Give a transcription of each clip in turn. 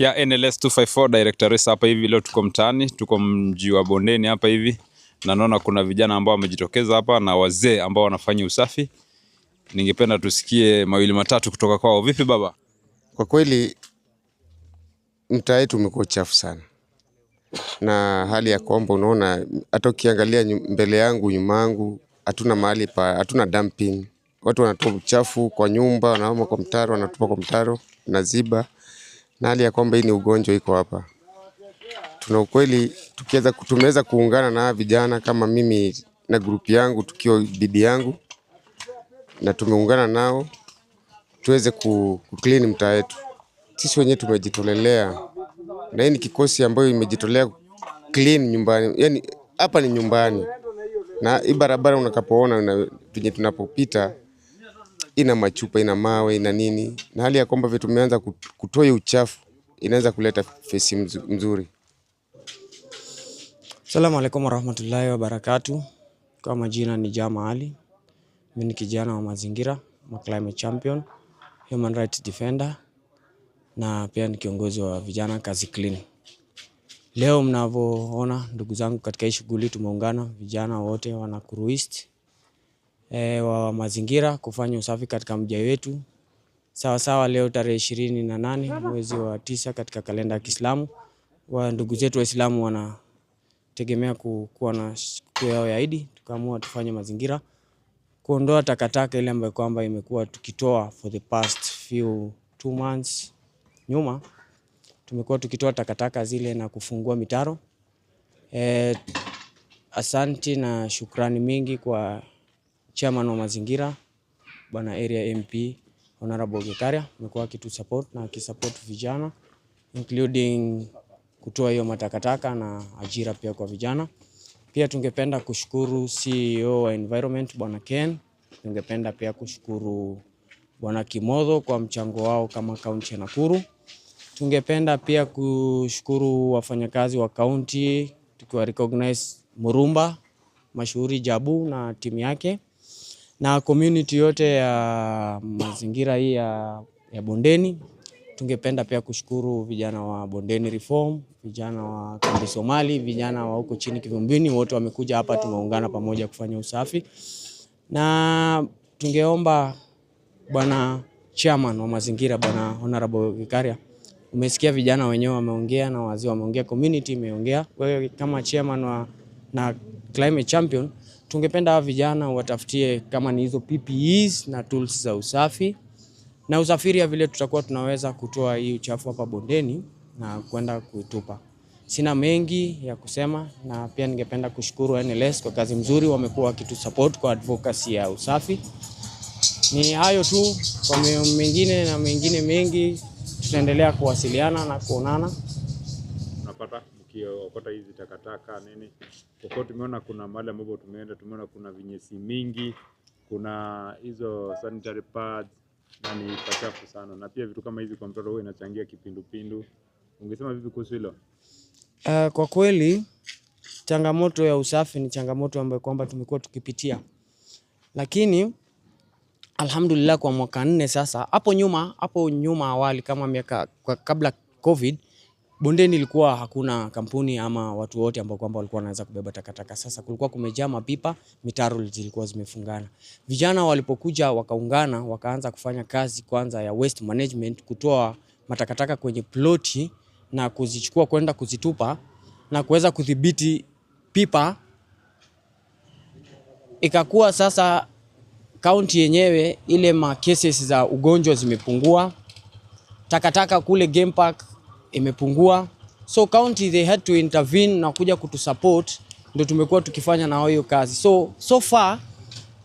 ya NLS 254 Director Race. Hapa hivi leo tuko mtaani, tuko mji wa Bondeni hapa hivi, na naona kuna vijana ambao wamejitokeza hapa na wazee ambao wanafanya usafi. Ningependa tusikie mawili matatu kutoka kwao. Vipi baba? Kwa kweli mtaa wetu umekuwa chafu sana na hali ya kuomba, unaona hata ukiangalia mbele yangu, nyuma yangu, hatuna mahali pa, hatuna dumping. Watu wanatoa uchafu kwa nyumba, wanaoma kwa mtaro, wanatupa kwa mtaro, naziba na hali ya kwamba hii ni ugonjwa iko hapa. Tuna ukweli, tukiweza tumeweza kuungana na vijana kama mimi na grupu yangu, tukiwa bibi yangu na tumeungana nao tuweze ku clean mtaa wetu. Sisi wenyewe tumejitolelea, na hii ni kikosi ambayo imejitolea clean nyumbani, yani hapa ni nyumbani, na hii barabara unakapoona venye tunapopita ina machupa ina mawe ina nini, na hali ya kwamba vitu vimeanza kutoa uchafu, inaweza kuleta fesi mzuri. Asalamu alaikum warahmatullahi wabarakatu. Kwa majina ni Jama Ali, mimi ni kijana wa mazingira ma climate champion, human rights defender na pia ni kiongozi wa vijana Kazi Clean. Leo mnavyoona ndugu zangu, katika hii shughuli tumeungana vijana wote wana East e, wa mazingira kufanya usafi katika mji wetu sawasawa sawa, leo tarehe ishirini na nane mwezi wa tisa katika kalenda ya Kiislamu wa ndugu zetu Waislamu wanategemea kuwa na siku yao ya Idi, tukaamua tufanye mazingira kuondoa takataka ile ambayo kwamba imekuwa tukitoa for the past few two months nyuma, tumekuwa tukitoa takataka zile na kufungua mitaro. E, asanti na shukrani mingi kwa chairman wa mazingira bwana area MP Honorable Gekaria amekuwa kitu support na akisupport vijana including kutoa hiyo matakataka na ajira pia kwa vijana. Pia tungependa kushukuru CEO wa Environment bwana Ken, tungependa pia kushukuru bwana Kimodho kwa mchango wao kama kaunti ya Nakuru. Tungependa pia kushukuru wafanyakazi wa kaunti tukiwa recognize Murumba mashuhuri Jabu na timu yake na community yote ya mazingira hii ya, ya bondeni. Tungependa pia kushukuru vijana wa Bondeni Reform, vijana wa Kambi Somali, vijana wa huko chini Kivumbini, wote wamekuja hapa, tumeungana pamoja kufanya usafi, na tungeomba bwana chairman wa mazingira, bwana Honorable Vikaria, umesikia vijana wenyewe wameongea na wazee wameongea, community imeongea. Wewe kama chairman wa na climate champion tungependa hawa vijana watafutie kama ni hizo PPEs na tools za usafi na usafiri ya vile tutakuwa tunaweza kutoa hii uchafu hapa bondeni na kwenda kuitupa. Sina mengi ya kusema, na pia ningependa kushukuru NLS kwa kazi mzuri wamekuwa wakitusupport kwa advocacy ya usafi. Ni hayo tu, kwa mengine na mengine mengi tutaendelea kuwasiliana na kuonana tukiokota hizi takataka nini, kwa tumeona kuna mahali ambapo tumeenda, tumeona kuna vinyesi mingi, kuna hizo sanitary pads na ni pachafu sana, na pia vitu kama hizi kwa mtoto huwa inachangia kipindupindu. Ungesema vipi kuhusu hilo? Uh, kwa kweli changamoto ya usafi ni changamoto ambayo kwamba tumekuwa tukipitia, lakini alhamdulillah kwa mwaka nne sasa. Hapo nyuma hapo nyuma awali kama miaka kabla COVID Bondeni ilikuwa hakuna kampuni ama watu wote ambao kwamba walikuwa wanaweza kubeba takataka. Sasa kulikuwa kumejaa mapipa, mitaro zilikuwa zimefungana. Vijana walipokuja wakaungana, wakaanza kufanya kazi kwanza ya waste management, kutoa matakataka kwenye ploti na kuzichukua kwenda kuzitupa na kuweza kudhibiti pipa. Ikakuwa sasa kaunti yenyewe ile ma cases za ugonjwa zimepungua, takataka kule game park imepungua, so county they had to intervene na kuja kutusupport, ndio tumekuwa tukifanya na hiyo kazi. So so far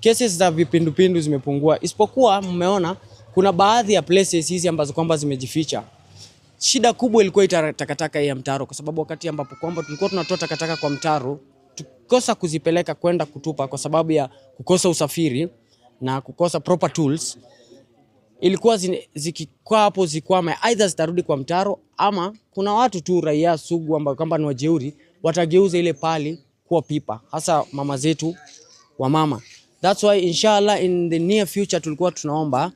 cases za vipindupindu zimepungua, isipokuwa mmeona kuna baadhi ya places hizi ambazo kwamba zimejificha. Shida kubwa ilikuwa takataka ya mtaro, kwa sababu wakati ambapo kwamba tulikuwa tunatoa takataka kwa mtaro tukosa kuzipeleka kwenda kutupa kwa sababu ya kukosa usafiri na kukosa proper tools ilikuwa zikikaa hapo zikwame, aidha zitarudi kwa mtaro ama kuna watu tu raia sugu ambao kwamba ni wajeuri watageuza ile pali kuwa pipa, hasa mama zetu wa mama. That's why inshallah in the near future tulikuwa tunaomba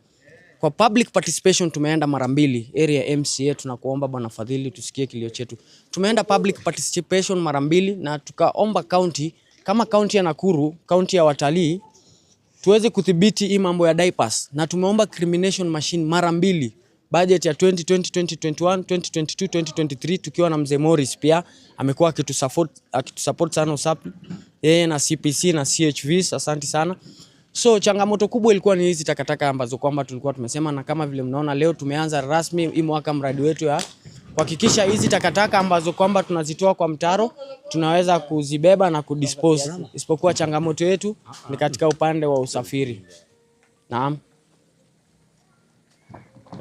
kwa public participation. Tumeenda mara mbili area MCA, tunakuomba bwana Fadhili, tusikie kilio chetu. Tumeenda public participation mara mbili na tukaomba county kama county ya Nakuru, county ya watalii tuweze kudhibiti hii mambo ya diapers, na tumeomba crimination machine mara mbili budget ya 2020 2021 2022 2023, tukiwa na mzee Morris pia amekuwa akitusupport akitusupport sana usapi yeye na CPC na CHVs. Asante sana. So changamoto kubwa ilikuwa ni hizi takataka ambazo kwamba tulikuwa tumesema, na kama vile mnaona leo tumeanza rasmi hii mwaka mradi wetu ya kuhakikisha hizi takataka ambazo kwamba tunazitoa kwa mtaro tunaweza kuzibeba na kudispose, isipokuwa changamoto yetu ni katika upande wa usafiri. Naam.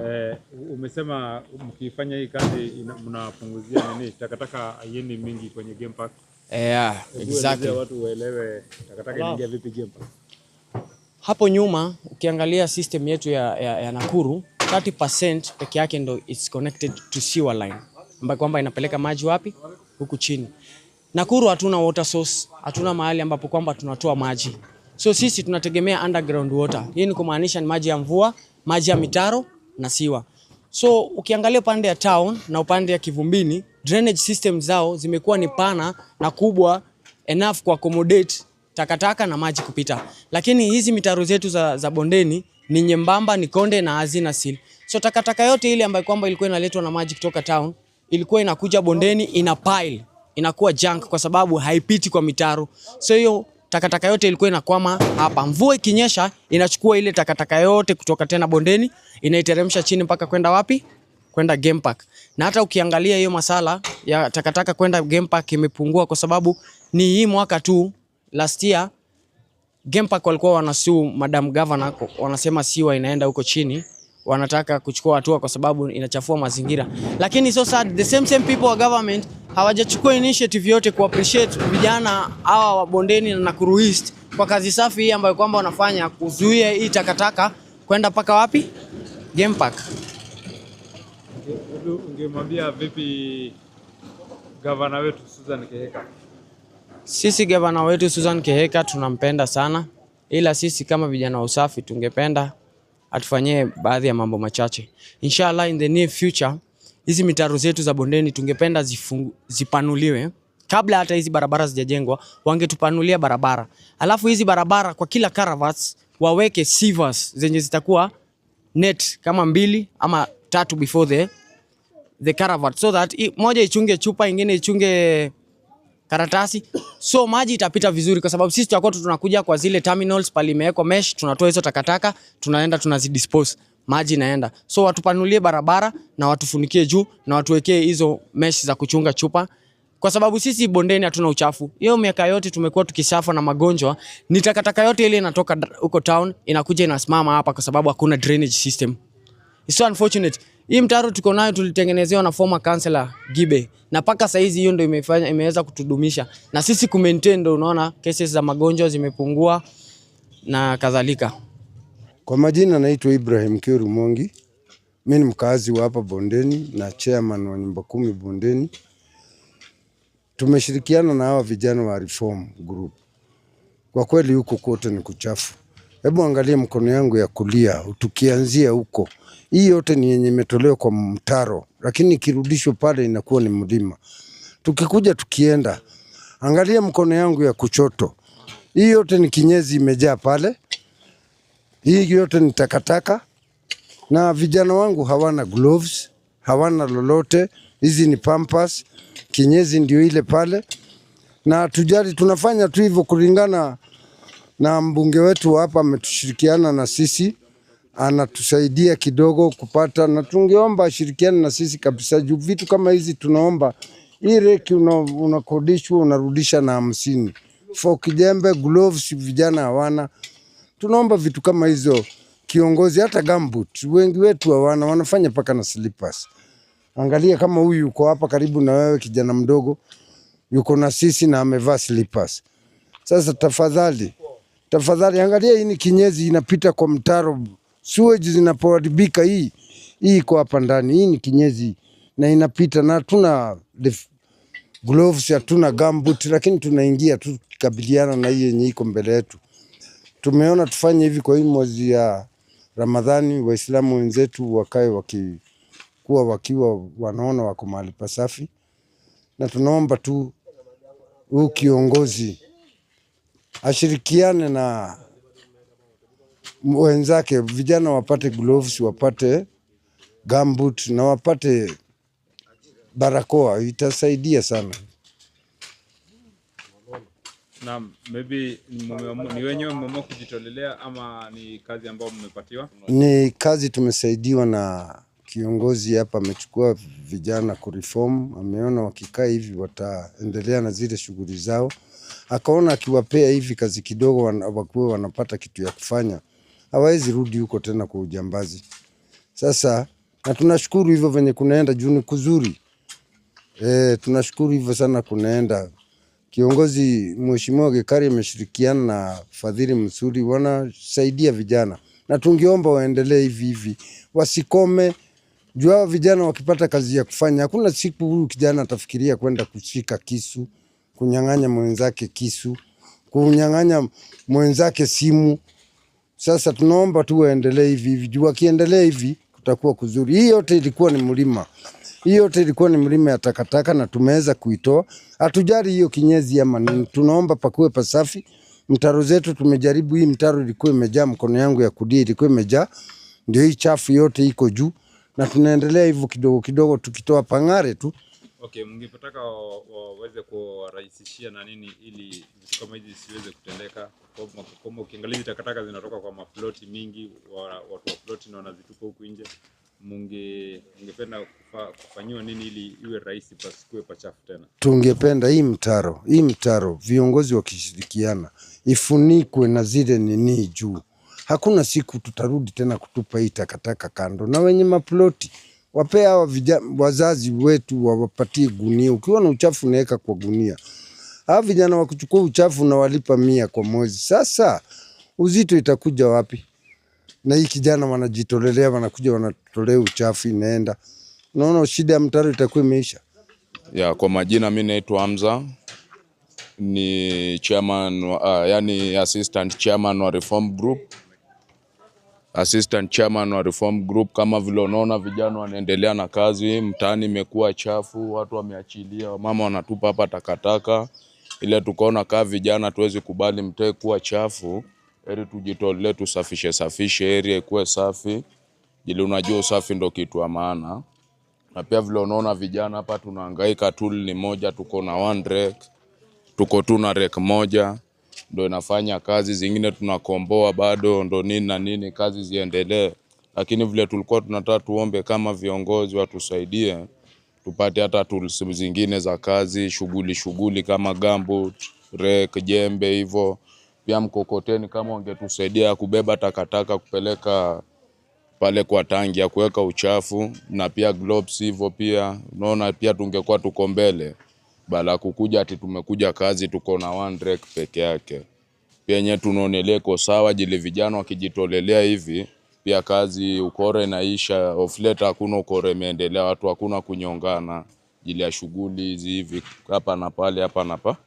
Eh, umesema mkifanya hii kazi mnapunguzia nini? Takataka yeni mingi kwenye game park. Eh, yeah, exactly. Watu waelewe takataka inaingia vipi game park. Hapo nyuma ukiangalia system yetu ya, ya, ya Nakuru 30% peke yake ndo it's connected to sewer line ambayo kwamba inapeleka maji wapi? Huku chini. Nakuru hatuna water source, hatuna mahali ambapo kwamba tunatoa maji, so sisi tunategemea underground water. Hii ni kumaanisha ni maji ya mvua, maji ya mitaro na siwa. So ukiangalia upande ya town na upande ya Kivumbini, drainage system zao zimekuwa ni pana na kubwa enough kwa accommodate takataka na maji kupita, lakini hizi mitaro zetu za, za bondeni ni nyembamba, ni konde na hazina seal. So takataka yote ile ambayo kwamba ilikuwa inaletwa na maji kutoka town ilikuwa inakuja bondeni, ina pile, inakuwa junk kwa sababu haipiti kwa mitaro. So hiyo takataka yote ilikuwa inakwama hapa. Mvua ikinyesha inachukua ile takataka yote kutoka tena bondeni inaiteremsha chini mpaka kwenda wapi? Kwenda game park. Na hata ukiangalia hiyo masala ya takataka kwenda game park imepungua kwa sababu ni hii mwaka tu last year Game Park walikuwa wanasuu Madam Governor, wanasema siwa inaenda huko chini, wanataka kuchukua hatua kwa sababu inachafua mazingira, lakini so sad, the same same people wa government hawajachukua initiative yote ku appreciate vijana hawa wa bondeni na Nakuru East kwa kazi safi hii ambayo kwamba wanafanya kuzuia hii takataka kwenda paka wapi Game Park. Ungemwambia vipi gavana wetu Susan Keheka? Sisi gavana wetu Susan Keheka tunampenda sana, ila sisi kama vijana wa usafi tungependa atufanyie baadhi ya mambo machache. Inshallah in the near future hizi mitaro zetu za bondeni tungependa zifungu, zipanuliwe kabla hata hizi barabara zijajengwa, wangetupanulia barabara. Alafu hizi barabara kwa kila caravans waweke sievers zenye zitakuwa net kama mbili ama tatu before the the caravan so that moja ichunge chupa, ingine ichunge karatasi, so maji itapita vizuri, kwa sababu sisi tutakuwa tunakuja kwa zile terminals pale imewekwa mesh, tunatoa hizo takataka, tunaenda tunazidispose, maji inaenda. So watupanulie barabara na watufunikie juu na watuwekee hizo mesh za kuchunga chupa kwa sababu sisi bondeni hatuna uchafu. Hiyo miaka yote tumekuwa tukishafa na magonjwa, ni takataka yote ile inatoka huko town inakuja inasimama hapa, kwa sababu hakuna drainage system. It's so unfortunate. Hii mtaro tuko nayo tulitengenezewa na former councillor Gibe. Na paka saizi hiyo ndio imefanya imeweza kutudumisha. Na sisi ku maintain ndio unaona cases za magonjwa zimepungua na kadhalika. Kwa majina naitwa Ibrahim Kiru Mongi. Mimi ni mkazi wa hapa Bondeni na chairman wa nyumba kumi Bondeni. Tumeshirikiana na hawa vijana wa Reform Group. Kwa kweli huko kote ni kuchafu. Hebu angalia mkono yangu ya kulia, tukianzia huko. Hii yote ni yenye imetolewa kwa mtaro, lakini ikirudishwa pale inakuwa ni mlima. Tukikuja tukienda, angalia mkono yangu ya kuchoto, hii yote ni kinyezi imejaa pale. Hii yote ni takataka, na vijana wangu hawana gloves, hawana lolote. Hizi ni pampas, kinyezi ndio ile pale, na tujali, tunafanya tu hivyo kulingana na mbunge wetu hapa ametushirikiana na sisi, anatusaidia kidogo kupata, na tungeomba ashirikiane na sisi kabisa, juu vitu kama hizi tunaomba. Hii reki unakodishwa una unarudisha na hamsini, foki, kijembe gloves vijana hawana. Tunaomba vitu kama hizo kiongozi, hata gambut wengi wetu hawana, wanafanya paka na slippers. Angalia kama huyu yuko hapa karibu na wewe, kijana mdogo yuko na sisi na amevaa slippers. Sasa tafadhali Tafadhali angalia, hii ni kinyezi inapita kwa mtaro, sewage zinapoharibika, hii hii iko hapa ndani, hii ni kinyezi na inapita, na hatuna gloves, hatuna gambut, lakini tunaingia tu kukabiliana na hii yenye iko mbele yetu. Tumeona tufanye hivi kwa hii mwezi ya Ramadhani, Waislamu wenzetu wakae wakikuwa wakiwa wanaona wako mahali pasafi, na tunaomba tu huu kiongozi ashirikiane na wenzake, vijana wapate gloves, wapate gumboot na wapate barakoa, itasaidia sana. Na maybe ni wenyewe mmeamua kujitolelea ama ni kazi ambayo mmepatiwa? Ni kazi tumesaidiwa na kiongozi hapa, amechukua vijana kureform, ameona wakikaa hivi wataendelea na zile shughuli zao akaona akiwapea hivi kazi kidogo, wakuwe wanapata kitu ya kufanya, hawawezi rudi huko tena kwa ujambazi. Sasa na tunashukuru hivyo venye kunaenda juu ni kuzuri e, tunashukuru hivyo sana kunaenda. Kiongozi Mheshimiwa Gekari ameshirikiana na Fadhili Msuri, wanasaidia vijana na tungeomba waendelee hivi hivi, wasikome juu hao vijana wakipata kazi ya kufanya, hakuna siku huyu kijana atafikiria kwenda kushika kisu kunyang'anya mwenzake kisu, kunyang'anya mwenzake simu. Sasa tunaomba tu waendelee hivi hivi, juu wakiendelea hivi kutakuwa kuzuri. Hii yote ilikuwa ni mlima, hii yote ilikuwa ni mlima ya takataka na tumeweza kuitoa. Hatujali hiyo kinyezi ama nini, tunaomba pakuwe pasafi. Mtaro zetu tumejaribu, hii mtaro ilikuwa imejaa, mkono yangu ya kudia ilikuwa imejaa, ndio hii chafu yote iko juu, na tunaendelea hivyo kidogo kidogo, tukitoa pang'are tu Okay, mngepataka waweze kuwarahisishia na nini ili vitu kama hizi zisiweze kutendeka? Kama ukiangalia takataka zinatoka kwa mafloti mingi, watu wa na wanazitupa huku nje, mungependa kufanyiwa nini ili iwe rahisi pasikuwe pachafu tena? Tungependa hii mtaro hii mtaro viongozi wakishirikiana ifunikwe na zile nini juu, hakuna siku tutarudi tena kutupa hii takataka kando na wenye maploti wapea vija, wazazi wetu wawapatie gunia. Ukiwa na uchafu unaweka kwa gunia. Hawa vijana wakuchukua uchafu na walipa mia kwa mwezi. Sasa uzito itakuja wapi? Na hii kijana wanajitolelea, wanakuja wanatolea uchafu inaenda. Unaona shida ya mtaro itakuwa imeisha. Ya, kwa majina mimi naitwa Hamza ni chairman, uh, yani assistant chairman wa Reform Group assistant chairman wa reform group. Kama vile unaona, vijana wanaendelea na kazi, mtaani imekuwa chafu, watu wameachilia, wamama wanatupa hapa takataka, ile tukaona kaa vijana tuwezi kubali mtaa kuwa chafu, heri tujitolee, tusafishe safishe area ikuwe safi, ili unajua usafi ndo kitu wa maana. Na pia vile unaona vijana hapa tunahangaika, tool ni moja, tuko na one rake, tuko tu na rake moja ndo inafanya kazi zingine tunakomboa bado ndo nini na nini, kazi ziendelee. Lakini vile tulikuwa tunataka tuombe kama viongozi watusaidie tupate hata tools zingine za kazi, shughuli shughuli kama gambut, rek, jembe hivyo, pia mkokoteni kama ungetusaidia kubeba takataka kupeleka pale kwa tangi ya kuweka uchafu, na pia gloves hivyo pia, unaona, pia tungekuwa tuko mbele bala kukuja ati tumekuja kazi tuko na one track peke yake. Pia nye tunaonelea iko sawa, jili vijana wakijitolelea hivi pia kazi ukore naisha. Of late hakuna ukore imeendelea, watu hakuna kunyongana jili ya shughuli hizi hivi hapa na pale hapa na pa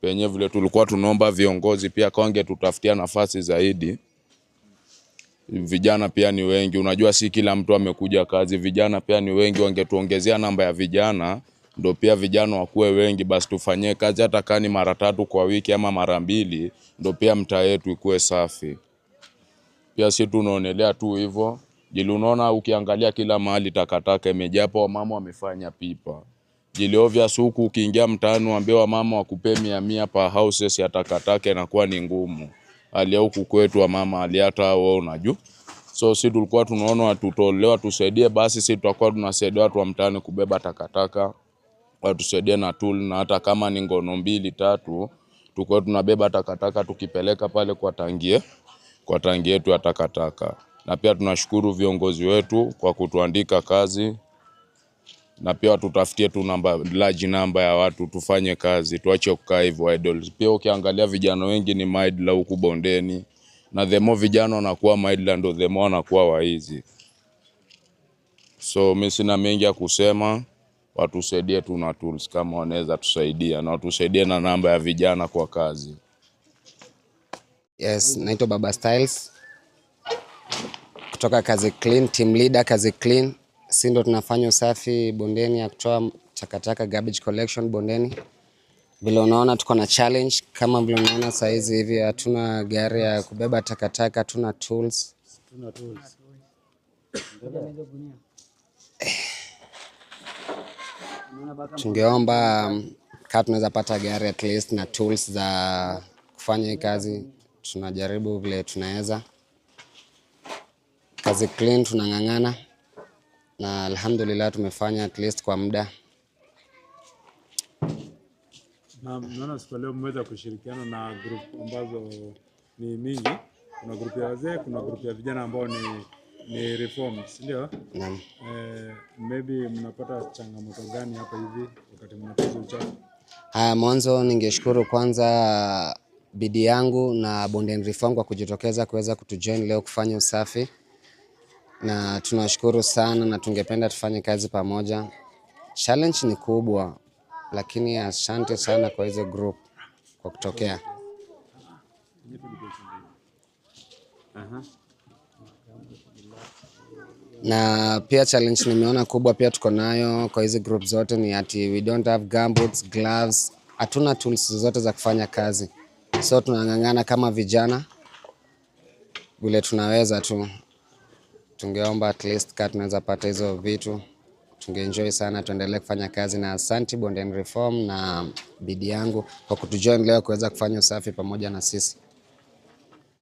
penye. Vile tulikuwa tunaomba viongozi pia kawange tutafutia nafasi zaidi vijana pia ni wengi, unajua si kila mtu amekuja kazi. Vijana pia ni wengi, wangetuongezea namba ya vijana ndo pia vijana wakuwe wengi, basi tufanyie kazi hata kani mara tatu kwa wiki ama mara mbili, ndo pia mtaa yetu ikuwe safi. Pia si tunaonelea tu hivyo jili, unaona ukiangalia kila mahali takataka imejapo, wamama wamefanya pipa jili ovya suku. ukiingia mtaani waambie wamama wakupe mia mia pa houses ya takataka, inakuwa ni ngumu hali huku kwetu wamama hali hata wao unajua So si tulikuwa tunaona tutolewa tusaidie, basi si tutakuwa tunasaidia watu wa mtaani kubeba takataka watusaidia na tool, na hata kama ni ngono mbili tatu, tukuwa tunabeba takataka tukipeleka pale kwa tangie kwa tangi yetu ya takataka. Na pia tunashukuru viongozi wetu kwa kutuandika kazi, na pia tutafutie tu namba large namba ya watu tufanye kazi, tuache kukaa hivyo idle. Pia ukiangalia vijana wengi ni maidla huku bondeni, na the more vijana wanakuwa maidla ndo the more wanakuwa waizi. So mimi sina mengi ya kusema watusaidie, tu na tools kama wanaweza tusaidia na watusaidie na namba ya vijana kwa kazi. Yes, naitwa Baba Styles kutoka Kazi Clean, team leader Kazi Clean. Si ndo tunafanya usafi bondeni ya kutoa takataka garbage collection bondeni. Vile unaona tuko na challenge kama vile unaona saa hizi hivi, hatuna gari ya kubeba takataka, hatuna tools, hatuna tools tungeomba um, kaa tunaweza pata gari at least na tools za kufanya hii kazi. Tunajaribu vile tunaweza, kazi clean, tunang'ang'ana na alhamdulillah tumefanya at least kwa muda. Na naona siku leo mmeweza kushirikiana na group ambazo ni mingi. Kuna group ya wazee, kuna group ya vijana ambao ni ni reforms, ndio? Naam. Eh, maybe mnapata changamoto gani hapa hivi wakati mnakuza uchafu? Haya, mwanzo ningeshukuru kwanza bidii yangu na Bonde Reform kwa kujitokeza kuweza kutujoin leo kufanya usafi, na tunashukuru sana, na tungependa tufanye kazi pamoja. Challenge ni kubwa, lakini asante sana kwa hizo group kwa kutokea. Aha na pia challenge nimeona kubwa pia tuko nayo kwa hizi group zote ni ati we don't have gumboots, gloves, hatuna tools zote za kufanya kazi, so tunang'ang'ana kama vijana vile tunaweza tu. Tungeomba at least kaa tunaweza pata hizo vitu, tungeenjoy sana, tuendelee kufanya kazi. Na asanti Bonden Reform na bidii yangu kwa kutujoin leo kuweza kufanya usafi pamoja na sisi.